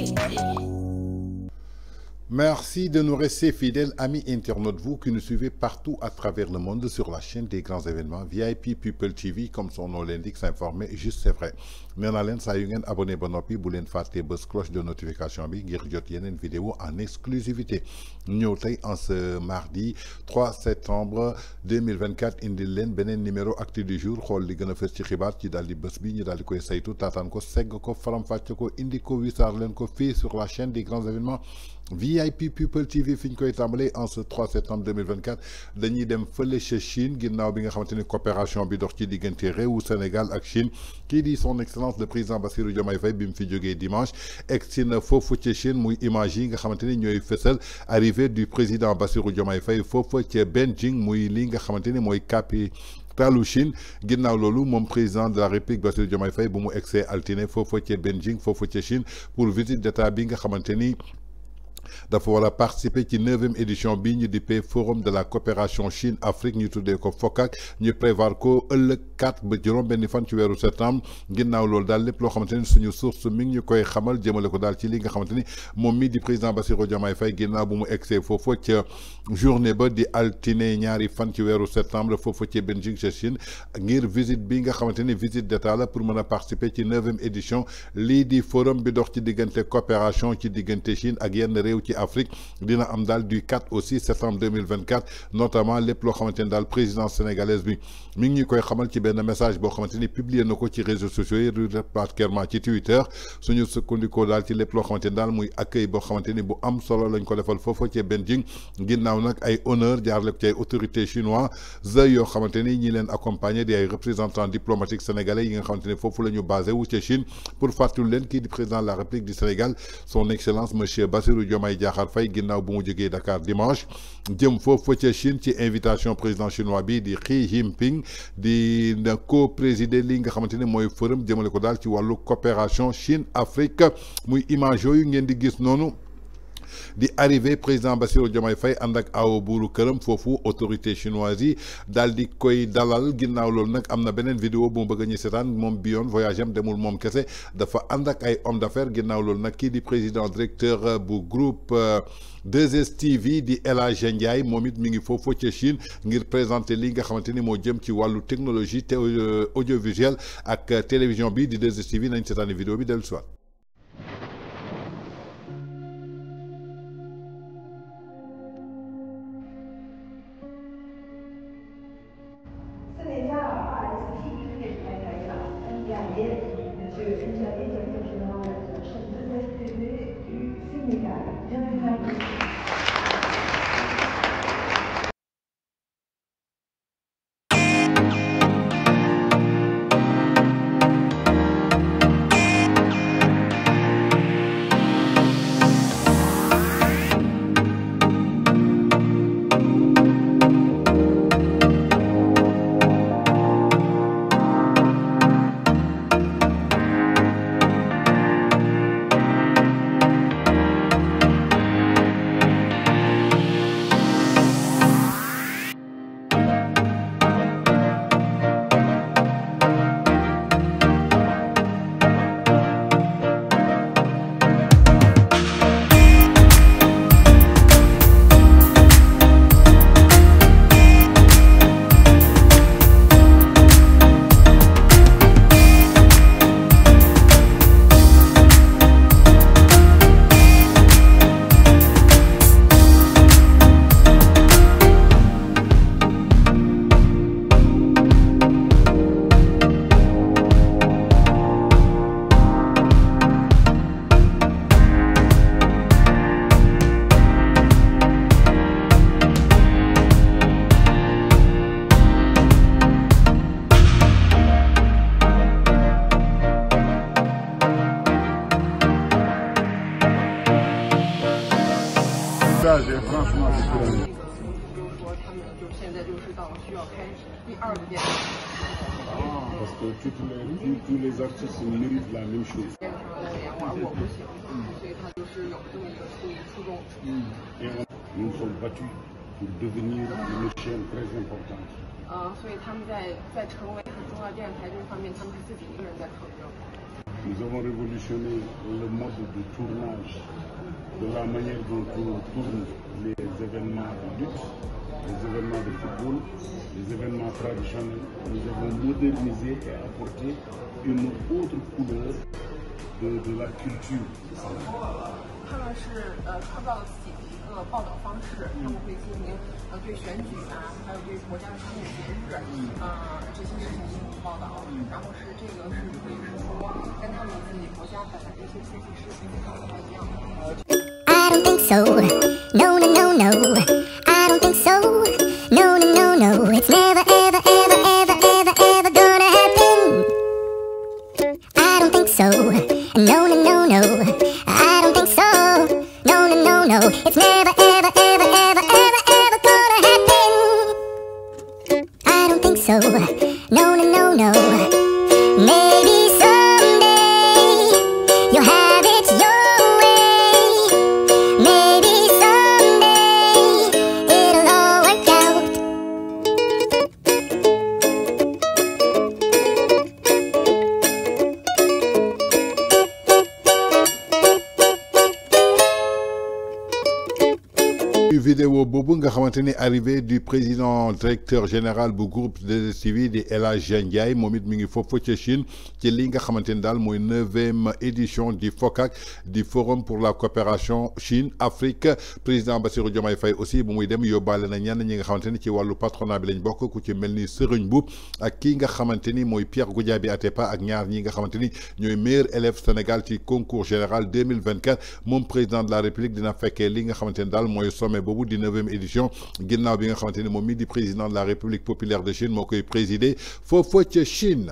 Yeah. Merci de nous rester fidèles, amis internautes, vous qui nous suivez partout à travers le monde sur la chaîne des grands événements VIP People TV, comme son nom l'indique, s'informer, juste c'est vrai. nee naa leen saa yu abonné ba noppi bu leen fàttee cloche de notification bi ngir jot vidéo en exclusivité Nous tey en ce mardi 3 septembre 2024 indi l'en, benen, numéro actif du jour xool li gën a fës ci xibaar ci daal di bës bi ñu daal koy saytu taataan ko segg ko faram-fàcce ko indi ko wisaar len, ko fi, sur la chaîne des grands événements VIP VIP People TV fi koy tambalé en ce 3 septembre 2024 dañuy dem feulé Chine ginnaw bi nga xamanteni coopération bi dox ci diggante Sénégal ak Chine ki di son excellence le président Bassirou Diomaye Faye bi mu fi dimanche egg fofu na Chine muy image nga xamanteni ñoy fessel du président Bassirou Diomaye Faye fofu ci Beijing muy li nga xamanteni moy mooy talu Chine ginnaw lolu mon président de la république Bassirou Diomaye Faye bu mu egsee altine fofu ci Beijing fofu ci Chine pour visite d'état bi nga xamanteni d'avoir participé a participer ci e édition bi ñu dippee forum de la coopération Chine Afrique ñu tuddee ko FOCAC ñu prévoir ko le 4 ba juróom benn fan ci septembre ginnaaw loolu daal lépp loo xamante ni suñu source mi ngi ñu koy xamal jëmale ko daal ci li nga xamante ni moom mii di président Bassirou Diomaye Faye ginnaaw bu mu egsee foofu ca journée ba di altiné ñaari fan ci wéru septembre fofu ci Beijing ca Chine ngir visite bi nga xamante visite d'état la pour mën a participer ci e édition li di forum bi dox ci diggante coopération ci diggante Chine ak yenn réew ci Afrique dina am dal du 4 au 6 septembre 2024 notamment lepp lo xamanteni dal président présidence sénégalaise bi mi ngi koy xamal ci ben message bo xamanteni ni publier na ci réseaux sociaux yi particulièrement ci Twitter suñu sukkandikoo dal ci lepp lo xamanteni dal muy accueil bo xamanteni bu am solo lañ ko defal fofu ci Beijing ginnaw nak ay honneur jaarale ko ci ay autorités chinois yoo xamante ni ñi leen accompagner di ay représentants diplomatiques sénégalais yi nga xamanteni fofu lañu la basé wu ci Chine pour fàttali leen kii di président de la République du Sénégal son excellence monsieur Bassirou Diomaye Diomaye Diakhar Faye ginnaw bu mu Dakar dimanche jëm faux ca Chine ci invitation président chinois bi di Xi Jinping di co-présider li nga xamante moy mooy forum ko dal ci walu coopération Chine Afrique muy image yu ngeen di gis di arrivé président Bassirou Diomaye Faye ànd ak awo buuru këram fofu autorité chinoise yi di koy dalal ginnaw lol nak amna benen vidéo bu bëgg ñi sétane mom moom bi yoon voyage am demul mom kessé dafa ànd ak ay homme d'affaires ginnaw lol nak ki di président directeur bu groupe 2STV euh, di El Hadj momit mi ngi fofu ci Chine ngir présenter li nga xamanteni ni jëm ci walu technologie euh, audiovisuelle ak euh, télévision bi di 2STV nañ sétane vidéo bi del si Thank you. 那个，比如说，他们就现在就是到了需要开始第二个电台。啊，parce que tous les tous les artistes mènent la même chose。变成了互联网，我不行，所以他就是有这么一个初初中。嗯。nous sommes gratuits pour devenir une mission très importante。呃，所以他们在在成为很重要电台这方面，他们是自己一个人在考证。Nous avons révolutionné le mode de tournage, de la manière dont on tourne les événements de lutte, les événements de football, les événements traditionnels. Nous avons modernisé et apporté une autre couleur de, la culture. 你自己国家本来这些经济事情跟他们一样。I don't think so. No, no, no, no. I don't think so. No, no, no, no. It's never, ever, ever, ever, ever, ever gonna happen. I don't think so. No, no, no, no. I don't think so. No, no, no, no. It's never, ever, ever, ever, ever, ever gonna happen. I don't think so. No, no, no, no. Never. vidéo bobunga nga arrivée arrivé du président directeur général du groupe des civils de la Hadj Momit Mingifo it mi ngi Chine qui li nga xamante ni édition du FOCAC du forum pour la coopération Chine Afrique président Bassirou Diomaye Faye aussi bu muy dem yóbbaale na ñenn ñi nga xamante ci wàllu patronat bi lañ bokk ku ci mel Serigne Mboup ak nga ni Pierre Goudiaby Atepa ak ñaar ñi nga xamante ni meilleur élève Sénégal ci concours général 2024 mon président de la République dina fekkee li nga xamante Dal, daal sommet boobu 9 neuvième édition ginnaw bi nga xamanteni mom président de la république populaire de Chine mon koy présider fofu ci Chine.